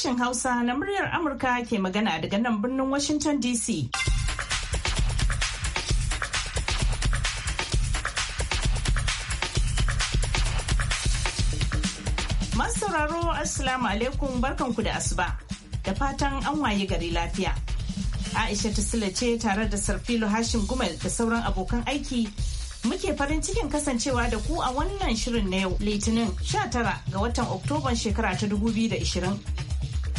sashen Hausa na muryar Amurka ke magana daga nan birnin Washington DC. Masu sauraro Assalamu alaikum barkanku da asuba da fatan an waye gari lafiya. Aisha Tasila ce tare da Sarfilo Hashim Gumel da sauran abokan aiki muke farin cikin kasancewa da ku a wannan shirin na yau litinin 19 ga watan oktoban shekara ta 2020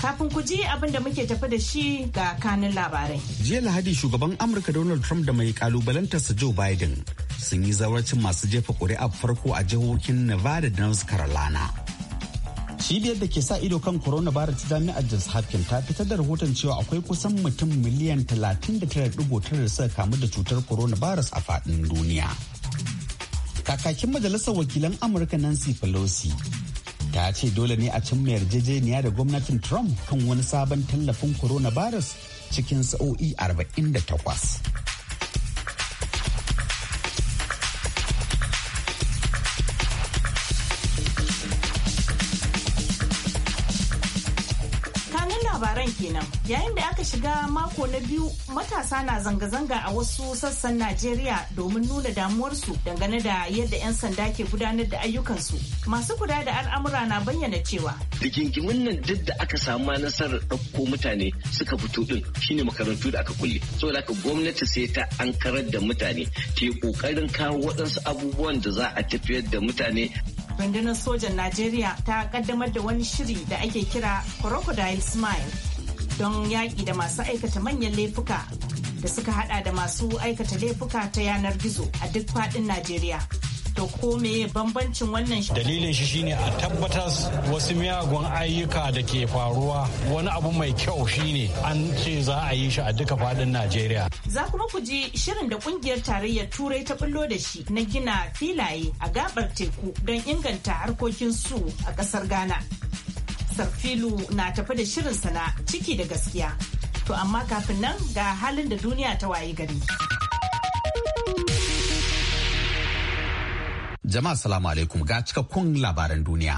Kafin ku ji abin da muke tafi da shi ga kanin labarai. Jiya Lahadi shugaban Amurka Donald Trump da mai kalubalantarsa Joe Biden sun yi zawarcin masu jefa ƙuri'a farko a jihohin Nevada da North Carolina. Cibiyar da ke sa ido kan coronavirus ta jami'ar Johns Hopkins ta fitar da rahoton cewa akwai kusan mutum miliyan 39.9 da suka kamu da cutar coronavirus a faɗin duniya. Kakakin majalisar wakilan Amurka Nancy Pelosi ta ce dole ne a cimma yarjejeniya da gwamnatin trump kan wani sabon tallafin coronavirus cikin sa'o'i 48 kenan yayin da aka shiga mako na biyu matasa na zanga-zanga a wasu sassan najeriya domin nuna damuwarsu dangane da yadda 'yan sanda ke gudanar da ayyukansu masu kuda da al'amura na bayyana cewa gingimin nan duk da aka samu nasarar ɗauko mutane suka fito din shine makarantu da aka kulle saboda haka gwamnati sai ta ankarar da mutane ta yi ƙoƙarin kawo waɗansu abubuwan da za a tafiyar da mutane rundunar sojan najeriya ta kaddamar da wani shiri da ake kira crocodile smile don yaƙi da masu aikata manyan laifuka da suka hada da masu aikata laifuka ta yanar gizo a duk faɗin Najeriya. To ko meye bambancin wannan shi? Dalilin shi shine a tabbatar wasu miyagun ayyuka da ke faruwa wani abu mai kyau shine an ce za a yi shi a duka faɗin Najeriya. Za kuma ku ji shirin da kungiyar tarayyar Turai ta bullo da shi na gina filaye a gabar teku don inganta harkokin su a ƙasar Ghana. safilu na tafi da shirin na ciki da gaskiya to amma kafin nan ga halin da duniya ta wayi gari jama'a salamu alaikum ga cikakkun labaran duniya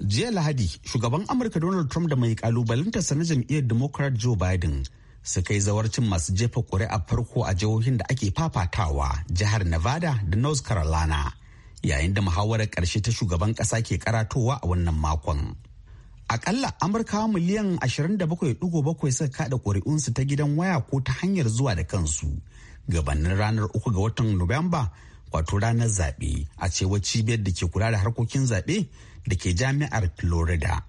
jiya lahadi shugaban amurka donald trump da mai kalubalinta na jam'iyyar democrat joe biden suka yi zawarcin masu jefa ƙuri'a farko a jihohin da ake fafatawa jihar nevada da north carolina yayin da muhawarar ƙarshe ta shugaban ƙasa ke karatowa a wannan makon Akalla Amurkawa miliyan 27.7 suka kada ƙuri'unsu ta gidan waya ko ta hanyar zuwa da kansu. Gabanin ranar uku ga watan Nuwamba wato ranar zaɓe a cewar cibiyar da ke kula da harkokin zaɓe da ke jami'ar Florida.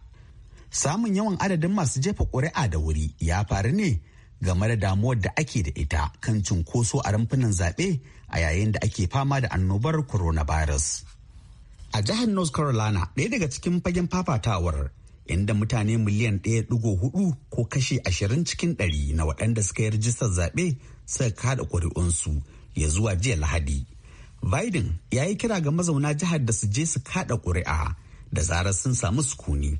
Samun yawan adadin masu jefa ƙuri'a da wuri ya faru ne game da damuwar da ake da ita kan cunkoso a rumfunan zaɓe a yayin da ake fama da annobar coronavirus. A jihar North Carolina, ɗaya daga cikin fagen fafatawar, inda mutane miliyan ɗaya 1.4 ko kashi ashirin cikin ɗari na waɗanda suka yi rijistar zaɓe suka kada ƙuri'unsu ya zuwa jiya lahadi. Biden ya yi kira ga mazauna jihar da su je su kada ƙuri'a da zarar sun samu sukuni.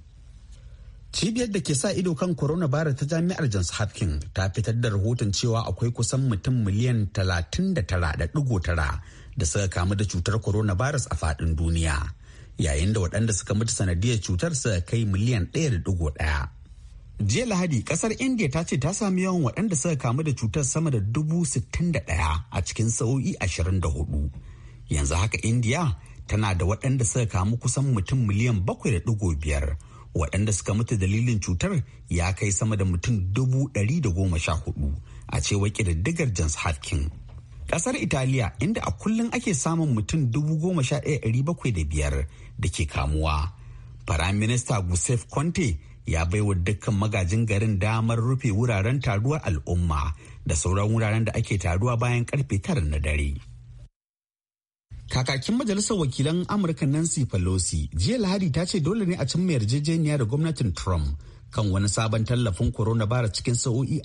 Cibiyar da ke sa ido kan coronavirus ta jami'ar Johns Hopkins ta fitar da rahoton cewa akwai kusan mutum miliyan talatin da tara da da suka kamu da cutar coronavirus a faɗin duniya. yayin da waɗanda suka mutu sanadiyar cutar suka kai miliyan ɗaya da digo ɗaya. jiya lahadi ƙasar india ta ce ta sami yawan waɗanda suka kamu da cutar sama da dubu sittin da ɗaya a cikin sa'o'i ashirin da hudu yanzu haka india tana da waɗanda suka kamu kusan mutum miliyan bakwai da ɗigo biyar waɗanda suka mutu dalilin cutar ya kai sama da mutum dubu ɗari da goma sha hudu a cewar ƙididdigar johns hopkins ƙasar italiya inda a kullum ake samun mutum dubu goma sha ɗaya ɗari bakwai da biyar da ke kamuwa. Firaminista Gusef Conte ya baiwa dukkan magajin garin damar rufe wuraren taruwar al'umma da sauran wuraren da ake taruwa bayan karfe tara na dare. Kakakin Majalisar Wakilan Amurka Nancy Pelosi jiya Lahadi ta ce dole ne a cimma yarjejeniya da gwamnatin Trump kan wani sabon tallafin bara cikin sa'o'i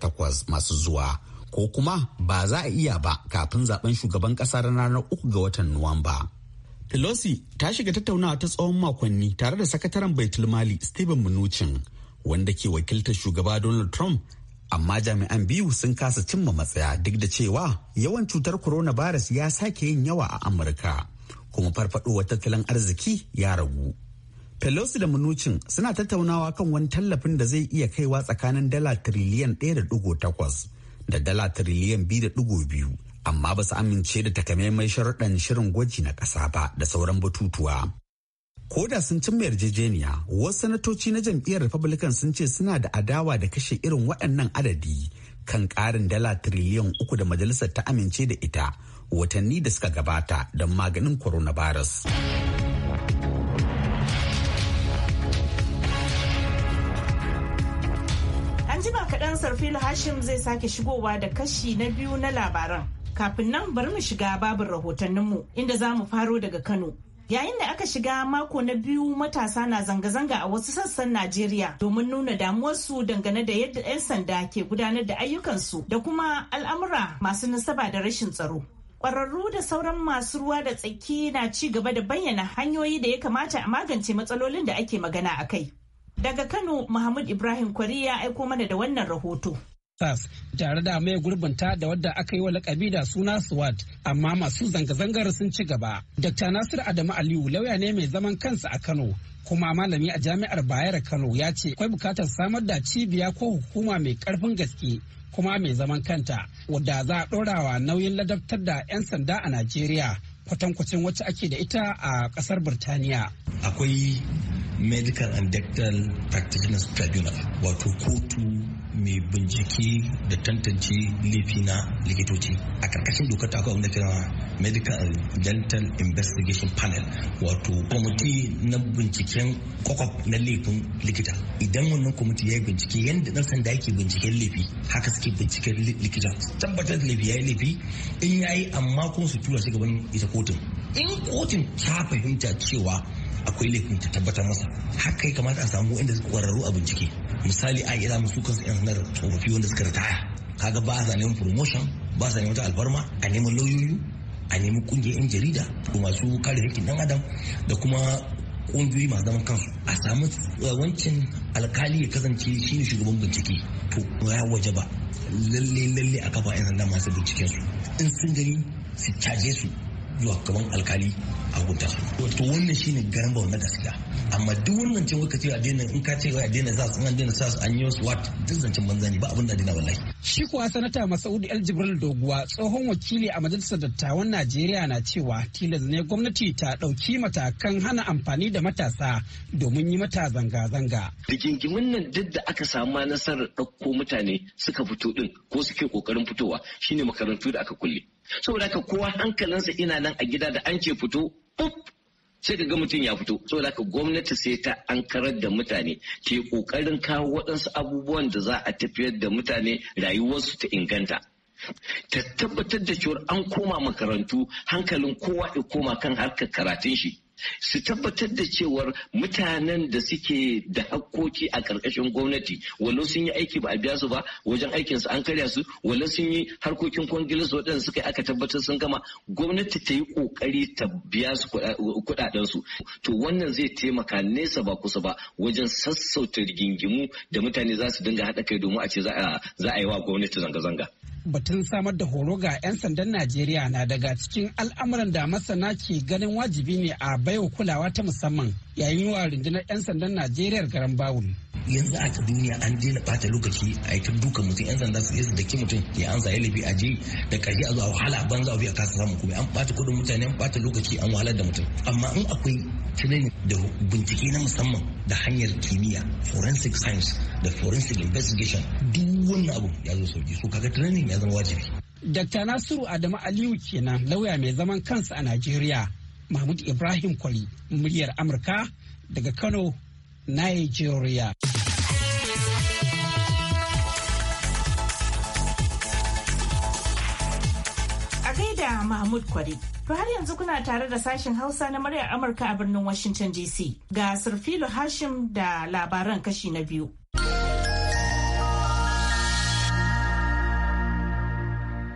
takwas masu zuwa ko kuma ba za a iya ba kafin zaben shugaban ƙasa ranar uku ga watan Nuwamba. Pelosi ta shiga tattaunawa ta tsawon makonni tare da sakataren Baitul Mali Stephen Mnuchin wanda ke wakiltar shugaba Donald Trump amma jami'an biyu sun kasa cimma matsaya duk da cewa yawan cutar coronavirus ya sake yin yawa a Amurka kuma farfadowar tattalin arziki ya ragu. Pelosi da Mnuchin suna tattaunawa kan wani tallafin da zai iya kaiwa tsakanin dala tiriliyan 1.8 da dala tiriliyan 2.2 amma ba su amince da takamaiman sharuɗan shirin gwaji na ƙasa ba da sauran batutuwa. Ko da sun cimma yarjejeniya, wasu sanatoci na jam'iyyar Republican sun ce suna da adawa da kashe irin waɗannan adadi kan ƙarin dala tiriliyan uku da majalisar ta amince da ita watanni da suka gabata don maganin coronavirus. An jima kaɗan Sarfil Hashim zai sake shigowa da kashi na biyu na labaran. Kafin nan bari mu shiga babin rahotanninmu inda za mu faro daga Kano. Yayin da aka shiga mako na biyu matasa na zanga-zanga a wasu sassan Najeriya domin nuna damuwarsu dangane da yadda 'yan sanda ke gudanar da ayyukansu da kuma al'amura masu nasaba da rashin tsaro. Ƙwararru da sauran masu ruwa da tsaki na ci gaba da bayyana hanyoyi da ya kamata a magance matsalolin da ake magana a kai. Daga Kano, Muhammad Ibrahim Kwari ya aiko mana da wannan rahoto. sas tare da mai gurbinta da wadda aka yi wa lakabi da suna swat amma masu zanga-zangar sun ci gaba dr nasir adamu aliyu lauya ne mai zaman kansa a kano kuma malami a jami'ar bayar kano ya ce akwai bukatar samar da cibiya ko hukuma mai karfin gaske kuma mai zaman kanta wadda za a ɗorawa nauyin ladabtar da 'yan sanda a najeriya kwatankwacin wacce ake da ita a ƙasar birtaniya akwai medical and dental practitioners tribunal wato kotu mai bincike da tantance laifi na likitoci a karkashin dokar ta akwai kira medical and dental investigation panel wato kwamiti na binciken kwakwa na laifin likita idan wannan kwamiti ya yi bincike yadda dan sanda yake binciken laifi haka suke binciken likita tabbatar da laifi ya yi laifi in ya yi amma kuma su tura shi gaban ita kotun in kotun ta fahimta cewa akwai laifin ta tabbatar masa haka ya kamata a samu inda kwararru a bincike misali a iya musu kansu yan sanar tsofaffi wanda suka ritaya kaga ba sa neman promotion ba sa neman wata alfarma a neman lauyoyi a neman kungiyar yan jarida da masu kare haƙƙin dan adam da kuma ƙungiyoyi masu zaman kansu a samu eh, wancan alkali ya kasance shi ne shugaban bincike to ya waje ba lalle lalle a kafa yan sanda masu binciken su in sun gani su caje su zuwa gaban alkali a gunta wato wannan shine garin bawo na gaskiya amma duk wannan cewa ka ce a daina in ka ce a daina za su an daina sa su an yi su wat duk zancen banza ne ba abin da daina wallahi shi kuwa sanata Masaudi aljibril Jibril Doguwa tsohon wakili a majalisar dattawan Najeriya na cewa tilas ne gwamnati ta dauki matakan hana amfani da matasa domin yi mata zanga-zanga rigingimin nan duk da aka samu nasarar ɗauko mutane suka fito din ko suke kokarin fitowa shine makarantu da aka kulle saboda haka kowa hankalinsa ina nan a gida da an ce fito up sai ka ga mutum ya fito saboda haka gwamnati sai ta an da mutane ke kokarin kawo waɗansu abubuwan da za a tafiyar da mutane rayuwarsu ta inganta ta tabbatar da cewar an koma makarantu hankalin kowa ya koma kan harkar karatun shi su tabbatar da cewar mutanen da suke da hakkoki a ƙarƙashin gwamnati walau sun yi aiki ba a biya su ba wajen aikin su an karya su walau sun yi harkokin kwangilis waɗanda suka aka tabbatar sun gama gwamnati ta yi ƙoƙari ta biya su kuɗaɗen su to wannan zai taimaka nesa ba kusa ba wajen sassauta rigingimu da mutane za su dinga haɗa kai domin a ce za a yi wa gwamnati zanga-zanga. batun samar da horo ga 'yan sandan najeriya na daga cikin al'amuran da masana ke ganin wajibi ne a baiwa kulawa ta musamman yayin wa rundunar 'yan sandan najeriya garan bawul yanzu a duniya an je na bata lokaci a yi duka mutum yan sanda su yi daki mutum ya ansa ya labi a je da karshe a zuwa wahala a banza a kasa samu kuma an bata kudin mutane an bata lokaci an wahalar da mutum amma in akwai tunani da bincike na musamman da hanyar kimiyya forensic science da forensic investigation duk wani abu ya zo sauki so kaga training ya zama wajibi Dr. Nasiru Adamu Aliyu kenan lauya mai zaman kansa a Najeriya Mahmud Ibrahim Kwari muryar Amurka daga Kano Nigeria. A gaida Mahmud Kwari To har yanzu kuna tare da sashen Hausa na muryar Amurka a birnin Washington DC. Ga Sarfilo Hashim da labaran kashi na biyu.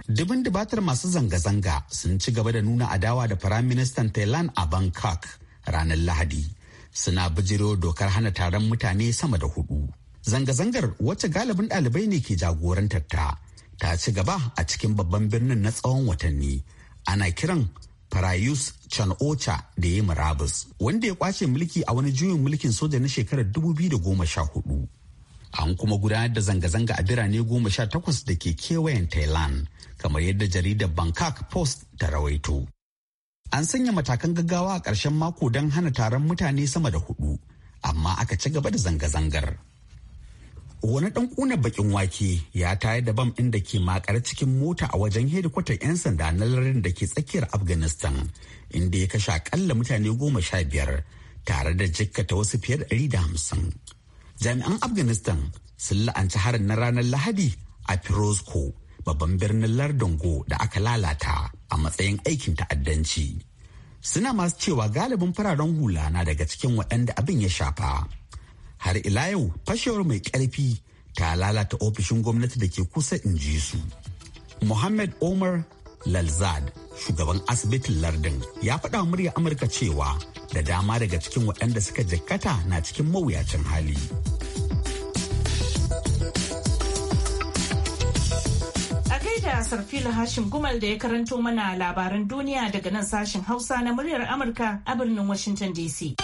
Dubin dubatar masu zanga-zanga sun ci gaba da nuna adawa da Firaministan Thailand a Bangkok ranar Lahadi. Suna bijiro dokar hana taron mutane sama da hudu. Zanga-zangar wacce galibin ɗalibai ne ke jagorantar ta, ta ci gaba a cikin babban birnin na tsawon watanni. ana kiran Farayus ocha da ya murabus wanda ya kwace mulki a wani juyin mulkin soja na shekarar 2014. An kuma gudanar da zanga-zanga a birane goma sha takwas da ke kewayen Thailand, kamar yadda jaridar Bangkok Post ta rawaito. An sanya matakan gaggawa a ƙarshen mako don hana taron mutane sama da hudu, amma aka ci gaba da zanga-zangar. wani dan kuna bakin wake ya tayar da bam inda ke makar cikin mota a wajen hedikwatar 'yan sanda na lardin da ke tsakiyar afghanistan inda ya kashe akalla mutane goma sha biyar tare da jikkata wasu fiye da ɗari da hamsin jami'an afghanistan sun la'anci harin na ranar lahadi a firozko babban birnin lardin go da aka lalata a matsayin aikin ta'addanci suna masu cewa galibin fararen hula na daga cikin waɗanda abin ya shafa har ila yau fashewar mai ƙarfi ta lalata ofishin gwamnati da ke kusa in ji su. Mohammed Omar Lalzad, shugaban asibitin lardin, ya faɗa murya Amurka cewa da dama daga cikin waɗanda suka jikkata na cikin mawuyacin hali. a fila hashim gumal da ya karanto mana labaran duniya daga nan sashen hausa na muryar amurka a birnin washington dc.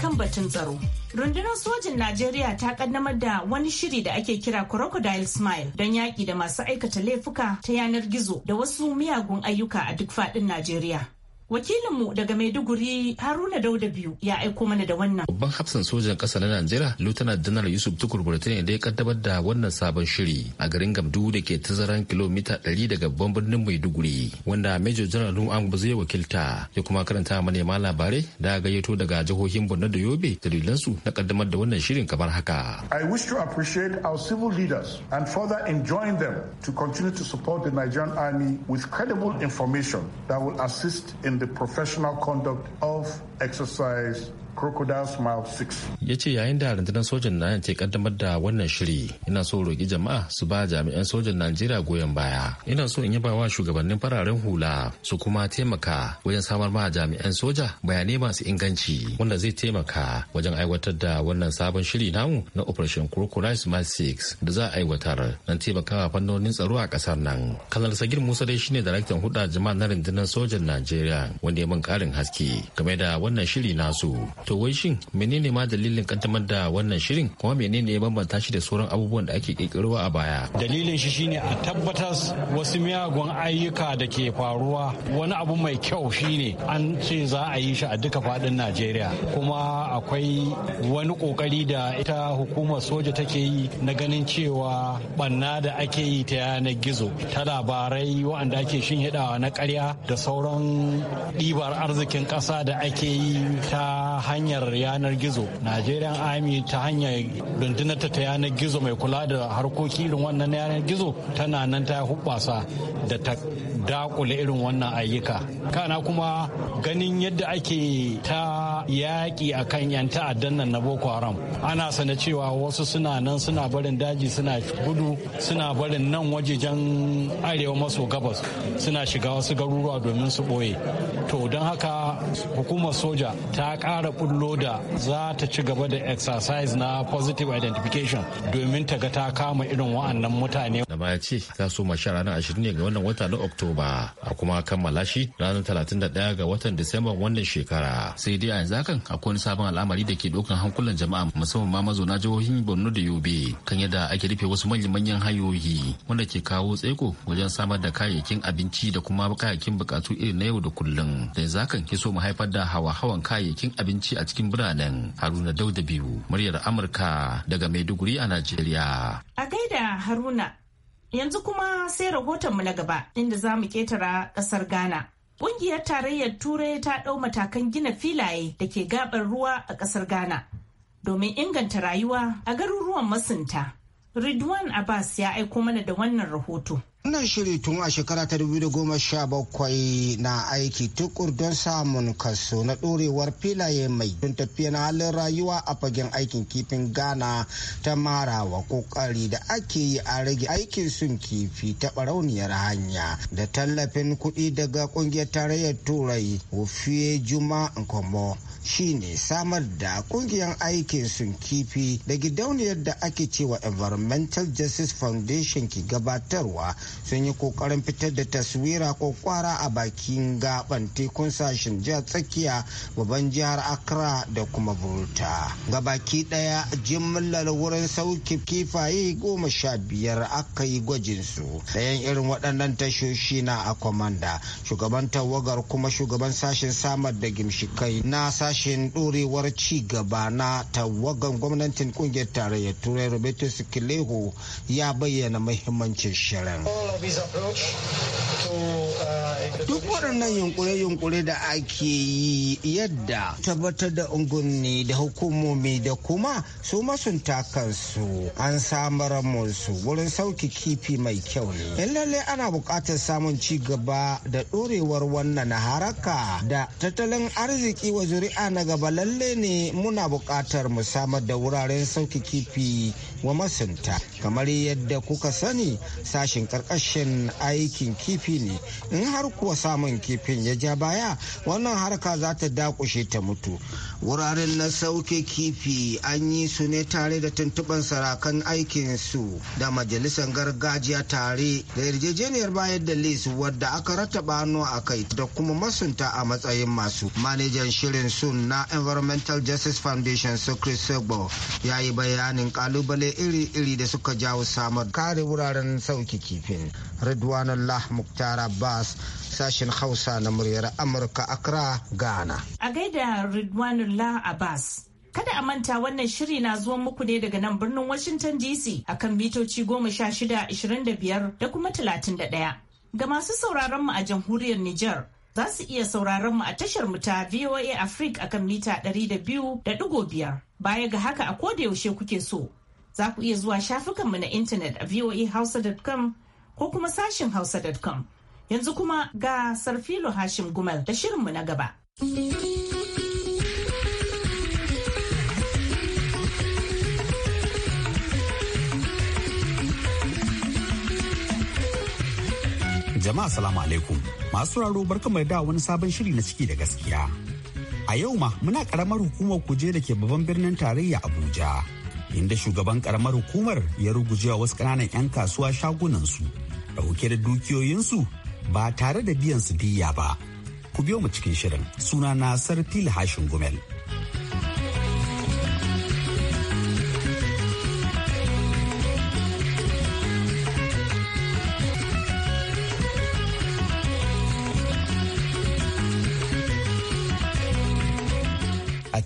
kan batun tsaro. Rundunar sojin Najeriya ta kaddamar da wani shiri da ake kira Crocodile Smile don yaƙi da masu aikata laifuka ta yanar gizo da wasu miyagun ayyuka a duk faɗin Najeriya. Wakilinmu daga Maiduguri Haruna Dauda biyu ya aiko mana da wannan. Babban hafsan sojan ƙasa na Najeriya Lieutenant General Yusuf Tukur Burtani da ya kaddamar da wannan sabon shiri a garin Gamdu da ke tazaran kilomita 100 daga babban birnin Maiduguri wanda Major General Nuhu ba zai wakilta ya kuma karanta manema labarai da gayyato daga jihohin Borno da Yobe dalilansu na kaddamar da wannan shirin kamar haka. I wish to appreciate our civil leaders and further enjoin them to continue to support the Nigerian army with credible information that will assist in in the professional conduct of exercise crocodile's mouth 6 ya ce yayin da rundunar sojan na ke kaddamar da wannan shiri ina so roƙi jama'a su ba jami'an sojan najeriya goyon baya ina so in yaba wa shugabannin fararen hula su kuma taimaka wajen samar ma jami'an soja bayanai masu inganci wanda zai taimaka wajen aiwatar da wannan sabon shiri namu na operation crocodile mouth 6 da za a aiwatar don taimakawa fannonin tsaro a kasar nan kanar sagir musa dai shine daraktan huda jama'a na rundunar sojan najeriya wanda ya min karin haske game da wannan shiri nasu To wai shin menene ma dalilin kantamar da wannan shirin kuma menene ya bambanta shi da sauran abubuwan da ake kirkirowa a baya? Dalilin shi shine a tabbatar wasu miyagun ayyuka da ke faruwa wani abu mai kyau shine an ce za a yi shi a duka fadin Najeriya kuma akwai wani kokari da ita hukumar soja take yi na ganin cewa banna da ake yi ta yanar gizo ta labarai waɗanda ake hidawa na karya da sauran ɗibar arzikin ƙasa da ake yi ta hanyar yanar gizo nigerian ami ta hanyar rundunar ta yanar gizo mai kula da harkoki irin wannan yanar gizo tana nan ta hubbasa da ta dakula irin wannan ayyuka kana kuma ganin yadda ake ta yaƙi a kan 'yan ta'addan nan na boko haram ana sana cewa wasu suna nan suna barin daji suna gudu suna barin nan wajejen arewa maso gabas suna shiga wasu garuruwa domin su ɓoye to don haka hukumar soja ta ƙara full loader za ta ci gaba da exercise na positive identification domin ta ga ta kama irin wa'annan mutane. Da ma ya ce ta so mashi ranar ne ga wannan wata na Oktoba a kuma kammala shi ranar 31 ga watan Disamba wannan shekara. Sai dai a yanzu hakan akwai wani sabon al'amari da ke ɗaukan hankulan jama'a musamman ma mazauna jihohin Borno da Yobe kan yadda ake rufe wasu manyan hanyoyi wanda ke kawo tsaiko wajen samar da kayayyakin abinci da kuma kayayyakin bukatu irin na yau da kullum. Da yanzu hakan ke so mu haifar da hawa-hawan kayayyakin abinci a cikin biranen Haruna Dauda biyu muryar Amurka daga Maiduguri a Najeriya. A gaida Haruna yanzu kuma sai rahotonmu na gaba inda za mu ketara ƙasar Ghana. Kungiyar tarayyar Turai ta ɗau matakan gina filaye da ke gabar ruwa a ƙasar Ghana domin inganta rayuwa a garuruwan masunta. Ridwan Abbas ya aiko mana da wannan rahoto. Wannan shiri tun a shekara ta bakwai na aiki tukur don samun kaso na ɗorewar filaye mai tun tafiya na halin rayuwa a fagen aikin kifin Ghana ta marawa kokari da ake yi a rage aikin sun kifi ta barauniyar hanya da tallafin kuɗi daga ƙungiyar tarayyar turai Ofie Juma Nkomo. shine samar da kungiyar aikin sun kifi da gidauniyar da ake cewa environmental justice foundation ki gabatarwa sun yi kokarin fitar da taswira ko kwara a bakin gaban tekun sashen jihar tsakiya babban jihar accra da kuma ga gabaki daya jimillar wurin sauki kifaye goma sha biyar aka yi gwajin su dayan irin waɗannan tashoshi na a kwamanda shugaban tawagar kuma shugaban sashen samar da gimshikai na sashen sashen ɗorewar ci gaba na tawagan gwamnatin kungiyar tarayyar turai roberto sikileho ya bayyana mahimmancin shirin duk waɗannan yunkure-yunkure da ake yi yadda tabbatar da ungunni da hukumomi da kuma su masunta kansu an samar musu wurin sauki kifi mai kyau ne in lalle ana buƙatar samun ci gaba da ɗorewar wannan haraka da tattalin arziki wa zuri'a na gaba lalle ne muna buƙatar mu samar da wuraren sauki kifi wa masunta kamar yadda kuka sani sashin karkashin aikin kifi ne in har kuwa samun kifin ya ja baya wannan harka za ta dakushe ta mutu wuraren na sauke kifi an yi su ne tare da tuntuban sarakan aikin su da majalisar gargajiya tare da yarjejeniyar bayar da lesu wadda aka rataba hannu a kai da kuma masunta a matsayin masu manajan shirin su Sun na Environmental Justice Foundation su Chris ya yi bayanin kalubale iri-iri da suka jawo samar kare wuraren sauki kifin. Allah Muktar Abbas sashen Hausa na muryar Amurka Accra, Ghana. A gaida Ridwanullah Abbas. Kada a manta wannan shiri na zuwan muku ne daga nan birnin Washington DC akan mitoci goma sha shida, ashirin da biyar da kuma talatin da ɗaya. Ga masu sauraron mu a jamhuriyar Nijar, za su iya sauraron mu a tashar mu ta VOA Africa akan mita 200.5. Baya ga haka a koda yaushe kuke so, za ku iya zuwa shafukan mu na intanet a voahausa.com ko kuma sashin hausa.com. Yanzu kuma ga Sarfilo Hashim Gumal da shirin mu na gaba. Jama'a salamu alaikum. Masu sauraro kamar da wani sabon shiri na ciki da gaskiya. A yau ma muna karamar hukumar kuje da ke babban birnin tarayya Abuja. Inda shugaban karamar hukumar ya rugujewa wasu ƙananan 'yan kasuwa shagunansu dauke da dukiyoyinsu ba tare da biyan su diya ba. Ku biyo mu cikin shirin suna na Sarfil Hashin Gumel.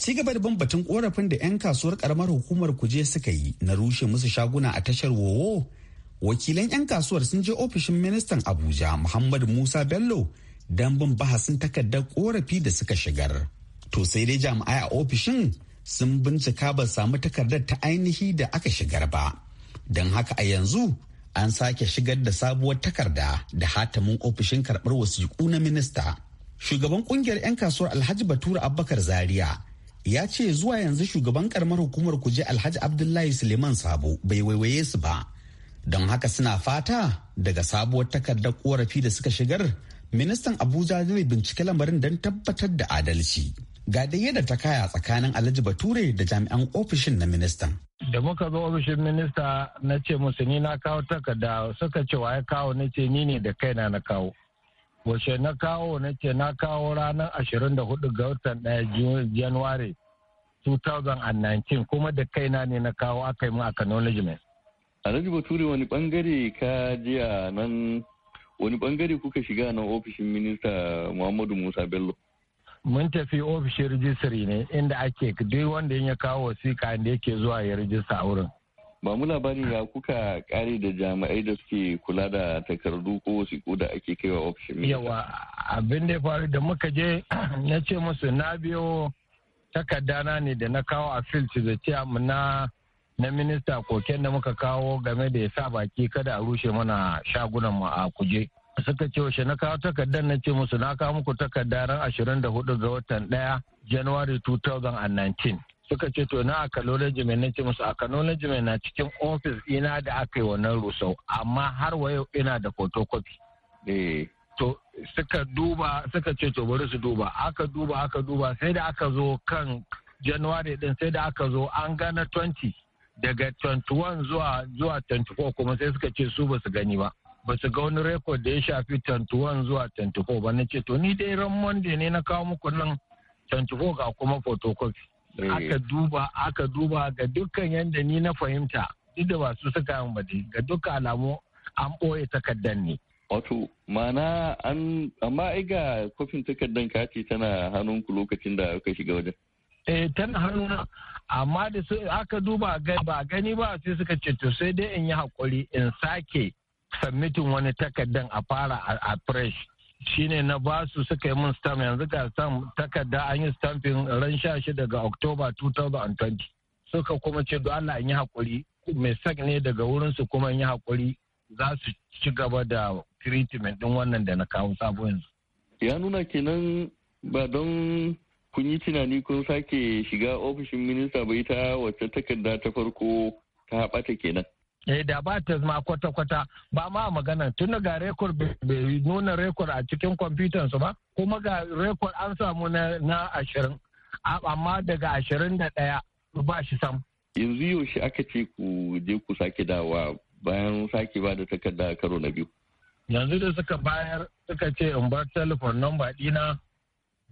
ci gaba da batun korafin da 'yan kasuwar karamar hukumar kuje suka yi na rushe musu shaguna a tashar wowo wakilan 'yan kasuwar sun je ofishin ministan abuja muhammad musa bello don bin bahasin takardar korafi da suka shigar to sai dai jami'ai a ofishin sun bincika ba samu takardar ta ainihi da aka shigar ba don haka a yanzu an sake shigar da sabuwar takarda da hatamin ofishin karɓar wasiƙu na minista shugaban kungiyar 'yan kasuwar alhaji batura abubakar zaria ya ce zuwa yanzu shugaban karamar hukumar kuje alhaji abdullahi suleiman sabo bai waiwaye su ba don haka suna fata daga sabuwar takardar korafi da suka shigar ministan abuja zai bincike lamarin don tabbatar da adalci ga da yadda ta kaya tsakanin alhaji bature da jami'an ofishin na ministan da muka zo ofishin minista na ce musu na kawo takarda suka ce wa ya kawo na ce ni ne da kaina na kawo wace na kawo na ce na kawo ranar 24 ga watan 1 januari 2019 kuma da kaina ne na kawo aka yi mu acknowledgement alhaji bature wani bangare ka je a nan wani bangare kuka shiga nan ofishin minista muhammadu musa bello mun tafi ofishin rijistiri ne inda ake duk wanda ya kawo wasiƙa inda yake zuwa ya rijista a wurin ba mu labarin ya kuka kare da jami'ai da suke kula da takardu ko wasiƙu da ake wa ofishin mai Yawa abin da ya faru da muka je na ce musu na biyo takardana ne da na kawo a fil da the na na minista koken da muka kawo game da ya sa baki kada a rushe mana shagunan mu a kuje. Suka ce washe na kawo takardar na ce musu na kawo muku takardar 24 ga watan 1 January 2019. suka ce to na jimai mai ce musu nuna mai na cikin ofis ina da aka yi wannan rusau amma har wa yau ina da photocopy eh. to suka duba suka ce to bari su duba aka duba aka duba sai da aka zo kan january din sai da aka zo an gana 20 daga 21 zuwa zuwa 24 kuma sai suka ce su ba su gani ba ba su ga wani record da ya shafi 21 zuwa 24 ba na ce to ni dai ran monday ne na kawo muku nan 24 ga kuma photocopy aka eh. duba aka duba ga dukkan yadda ni na fahimta duk da ba su suka yin ba ga dukkan alamu an ɓoye takardar ne. Wato mana an amma ai ga kofin takardar ka ce tana hannunku lokacin da aka shiga wajen. Eh tana hannuna amma da aka duba ba gani ba sai suka ce to sai dai in yi hakuri in sake submitin wani takardar a fara a fresh shine na basu suka yi mun stamp yanzu ga stamp takarda an yi stampin ran sha shi daga October 2020 suka kuma ce don Allah yi hakuri mai sak ne daga wurin su kuma yi hakuri za su ci gaba da treatment din wannan da na kawo sabo yanzu. Ya nuna kenan ba don kun yi tunani kun sake shiga ofishin minista bai ta wacce takarda ta farko ta haɓata kenan. Eh, da ba ta zama kwata-kwata ba ma magana tun ga rekod bai nuna rekod a cikin kwamfutansu ba kuma ga rekod an samu na ashirin amma daga ashirin da daya ba shi sam. yanzu yaushe aka ce ku je ku sake dawa bayan sake ba da takarda karo na biyu. yanzu da suka bayar suka ce in bar telefon namba dina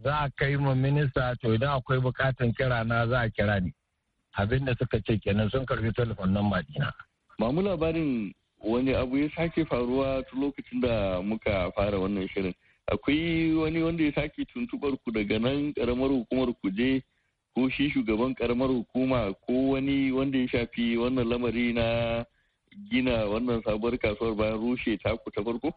za a kai ma minista to idan akwai bukatan kira na za a kira ni abinda suka ce kenan sun karbi telefon namba dina. mamu labarin wani abu ya sake faruwa tu lokacin da muka fara wannan shirin akwai wani wanda ya sake tuntubar ku daga nan karamar hukumar kuje ko shi shugaban karamar hukuma ko wani wanda ya shafi wannan lamari na gina wannan sabuwar kasuwar bayan rushe taku ta farko?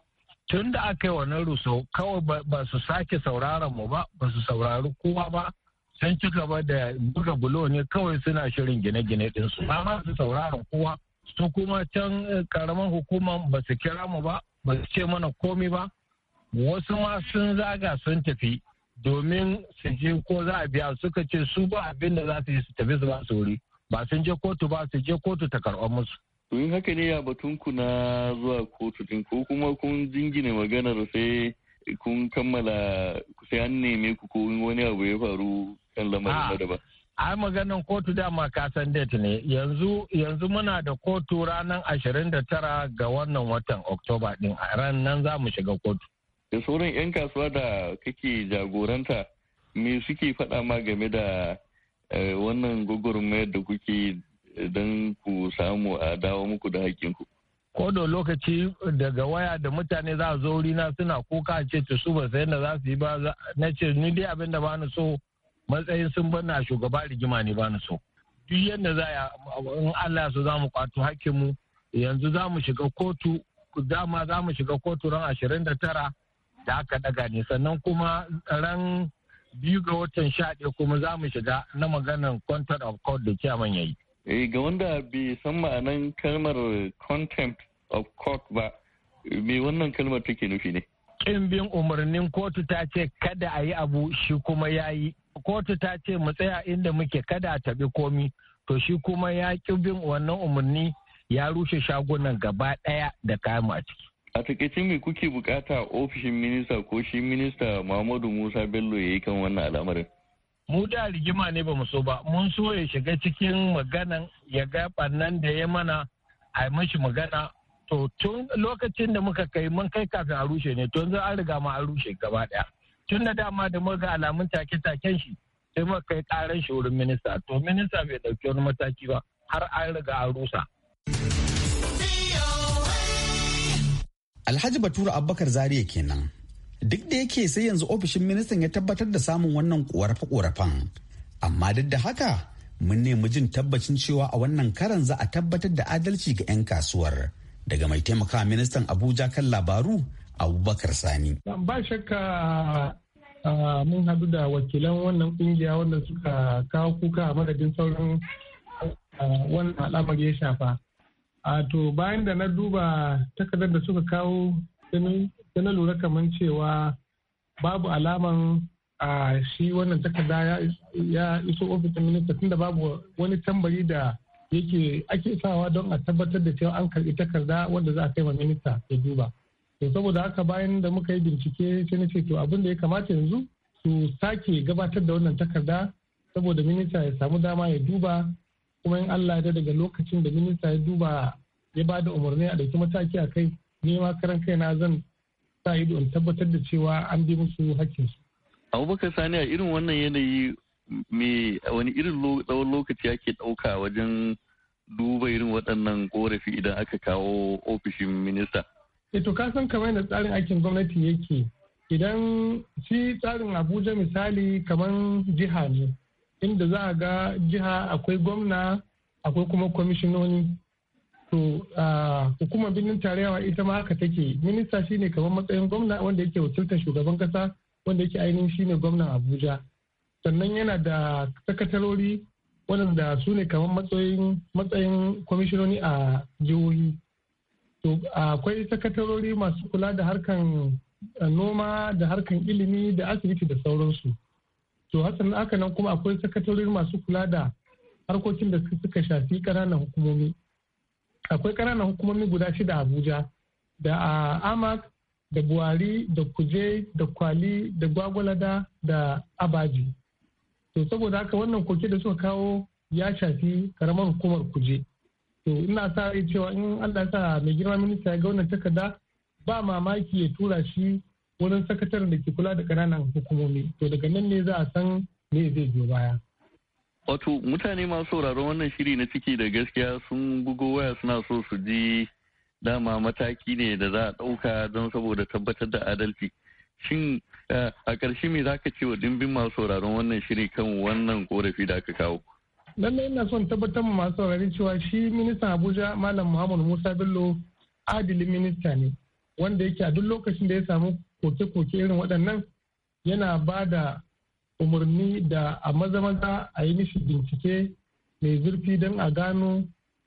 Tun da aka yi wannan rusau kawai ba su sake sauraron mu ba ba su saurari kowa ba sun ci gaba da buga bulo ne kawai suna shirin gine-gine ɗinsu ba ma su sauraron kowa su kuma can eh, karaman hukuma ba su kira mu ba ba su ce mana komi ba wasu ma sun zaga sun tafi domin su je ko za a biya suka ce su ba abin da za su yi su tafi su ba su wuri ba sun je kotu ba su je kotu ta karɓar musu. haka ne ya batunku na zuwa kotu din ko kuma kun jingine maganar sai kun kammala sai an neme ku ko wani abu ya faru kan lamarin ah. da ba. ai maganin kotu dama kasan date ne yanzu yanzu muna da kotu ranar ashirin da tara ga wannan watan oktoba din ran nan za mu shiga kotu da sauran 'yan kasuwa da kake jagoranta me suke faɗa ma game da eh, wannan gwagwarmayar da kuke don ku samu a dawo muku da haƙƙinku. ko da lokaci daga waya da mutane za a zo rina suna kuka ce ta su ba sai da za su yi ba na ce ni dai abin da ba ni so matsayin sun banna shugaba rigima ne ba ni so duk yadda za a in Allah su za mu kwato hakkinmu yanzu za mu shiga kotu dama za mu shiga kotu ran 29 da aka daga ne sannan kuma ran biyu ga watan sha kuma za mu shiga na maganar content of court da chairman ya yi. Eh ga wanda bai san ma'anan kalmar contempt of court ba me wannan kalmar take nufi ne? Kin bin umarnin kotu ta ce kada a yi abu shi kuma ya yi kotu ta ce mu tsaya inda muke kada a tabi komi to shi kuma ya ƙi bin wannan umarni ya rushe shagunan gaba ɗaya da kayan a ciki. A takaice mai kuke bukata ofishin minista ko shi minista Muhammadu Musa Bello ya yi kan wannan al'amarin? Mu da rigima ne ba mu so ba, mun so ya shiga cikin maganan ya ga nan da ya mana a mashi magana to tun lokacin da muka kai mun kai kafin a rushe ne to yanzu an riga ma an rushe gaba ɗaya. tun da dama da muka alamun take-taken shi sai muka kai karan shi wurin minista to minista bai dauki wani mataki ba har an riga an rusa. Alhaji Baturu Abubakar Zariya kenan. Duk da yake sai yanzu ofishin ministan ya tabbatar da samun wannan korafe-korafen. Amma duk da haka mun nemi jin tabbacin cewa a wannan karan za a tabbatar da adalci ga 'yan kasuwar. Daga mai taimakawa ministan Abuja kan labaru abubakar sani ba shakka mun hadu da wakilan wannan kungiya wanda suka kawo kuka a madadin sauran wannan al'amar ya shafa a to bayan da na duba takardar da suka kawo sai na lura kamar cewa babu alaman a shi wannan takarda ya iso ofishin minista tunda babu wani tambari da yake ake sawa don a tabbatar da cewa an karbi takarda wanda za a kai wa minista ya duba to saboda haka bayan da muka yi bincike sai na ce to abin da ya kamata yanzu su sake gabatar da wannan takarda saboda minista ya samu dama ya duba kuma in Allah ya daga lokacin da minista ya duba ya ba da umarni a dauki mataki a kai ne ma karan kaina zan sa ido in tabbatar da cewa an bi musu hakkin su Abubakar Sani a irin wannan yanayi me wani irin tsawon lokaci ake ɗauka wajen duba irin waɗannan korafi idan aka kawo ofishin minista. Eh, to ka san kamar yadda tsarin aikin gwamnati yake idan shi tsarin abuja misali kamar jiha ne inda za a ga jiha akwai gwamna akwai kuma kwamishinoni to hukumar birnin tarayyawa ita ma haka take minista shi ne kamar matsayin gwamna wanda yake wakiltar shugaban kasa wanda yake ainihin shi ne gwamnan abuja sannan yana da sakatarori waɗanda su ne kamar matsayin kwamishinoni a jihohi akwai sakatarori masu kula da harkan eh, noma da harkan ilimi da asibiti da sauransu to hasan aka nan kuma akwai sakatarori masu kula da harkokin da suka shafi ƙananan hukumomi akwai ƙananan hukumomi guda shida abuja da a amak da buhari da kuje da kwali da gwagwalada da abaji to saboda haka wannan koke da suka kawo ya shafi karamar hukumar kuje to ina sa rai cewa in Allah sa mai girma minista ya gauna takarda ba mamaki ya tura shi wurin sakataren da ke kula da ƙananan hukumomi to daga nan ne za a san me zai zo baya wato mutane masu sauraron wannan shiri na ciki da gaskiya sun bugo waya suna so su ji dama mataki ne da za a ɗauka don saboda tabbatar da adalci shin eh, a ƙarshe me za ka ce wa dimbin masu sauraron wannan shiri kan wannan korafi da aka kawo lallai ina son tabbatar ma masu saurari cewa shi ministan abuja malam muhammad musa bello adilin minista ne wanda yake a duk lokacin da ya samu koke-koke irin waɗannan yana ba da umarni da a maza-maza a yi mishi bincike mai zurfi don a gano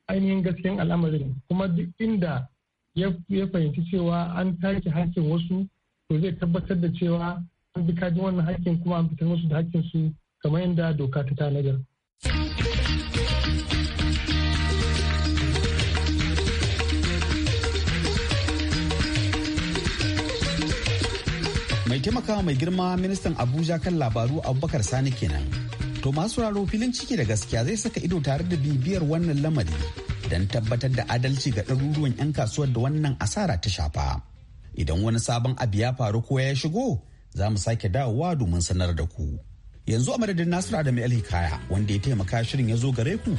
ainihin gaskiyan al'amarin kuma duk inda ya fahimci cewa an take hakkin wasu to zai tabbatar da cewa an bi kajin wannan hakkin kuma an fitar musu da hakkin su kamar yadda doka ta tanadar. mai taimakawa mai girma ministan abuja kan labaru abubakar sani kenan to masu raro filin ciki da gaskiya zai saka ido tare da bibiyar wannan lamari don tabbatar da adalci ga ɗaruruwan 'yan kasuwar da wannan asara ta shafa idan wani sabon abu ya faru ko ya shigo za mu sake dawowa domin sanar da ku. yanzu a madadin nasiru adamu hikaya wanda ya taimaka shirin ya zo gare ku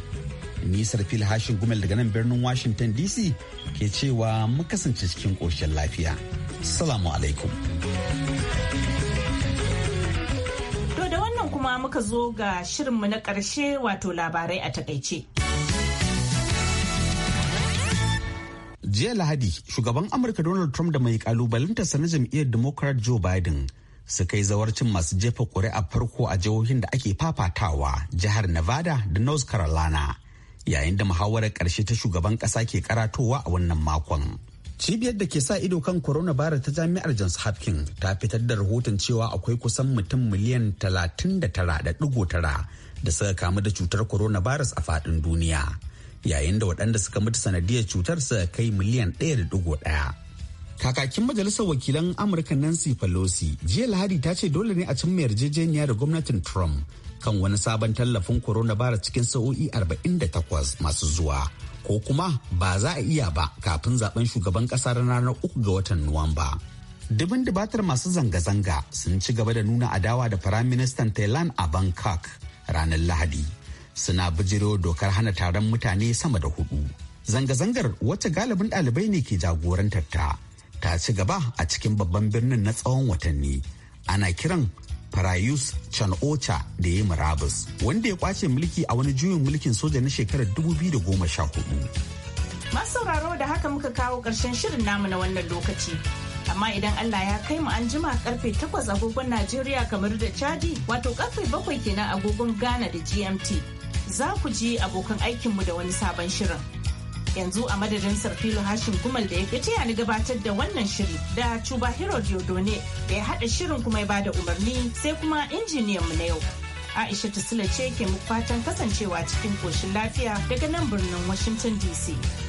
nisar fil hashin gumel daga nan birnin washington dc ke cewa mu kasance cikin koshin lafiya salamu alaikum to da wannan kuma muka zo ga shirinmu na karshe wato labarai a takaice jiya lahadi shugaban amurka donald trump da mai kalubalantarsa na jam'iyyar democrat joe biden su kai zawarcin masu jefa ƙuri'a farko a jihohin da ake fafatawa jihar nevada da north carolina yayin da muhawarar ƙarshe ta shugaban ƙasa ke karatowa a wannan makon cibiyar da ke sa ido kan coronavirus ta jami'ar johns hopkins ta fitar da rahoton cewa akwai kusan mutum miliyan 39.9 da suka kamu da cutar coronavirus a faɗin duniya yayin da waɗanda suka mutu sanadiyar cutar suka kai miliyan 1.1 Kakakin Majalisar Wakilan Amurka Nancy Pelosi jiya Lahadi ta ce dole ne a cimma yarjejeniya da gwamnatin Trump kan wani sabon tallafin bara cikin sa'o'i 48 masu zuwa ko kuma ba za a iya ba kafin zaben shugaban kasa ranar uku ga watan Nuwamba. Dubin dubatar masu zanga-zanga sun ci gaba da nuna adawa da Firaministan Thailand a Bangkok ranar Lahadi. Suna bijiro dokar hana taron mutane sama da hudu. Zanga-zangar wacce galibin ɗalibai ne ke jagorantar ta. ta ci gaba a cikin babban birnin na tsawon watanni ana kiran Farayus ocha da ya murabus wanda ya kwace mulki a wani juyin mulkin soja na shekarar 2014. Masu sauraro da haka muka kawo ƙarshen shirin namu na wannan lokaci. Amma idan Allah ya kai mu an jima karfe 8 agogon Najeriya kamar da Chadi wato karfe 7 kenan agogon Ghana da GMT. Za ku ji abokan aikinmu da wani sabon shirin. yanzu a madadin sarfilo Hashim gumal da ya taya ni gabatar da wannan shiri da cuba hero diodone da ya haɗa shirin kuma ya bada umarni sai kuma injiniyan mu na yau aisha tasila ce ke muku fatan kasancewa cikin koshin lafiya daga nan birnin washington dc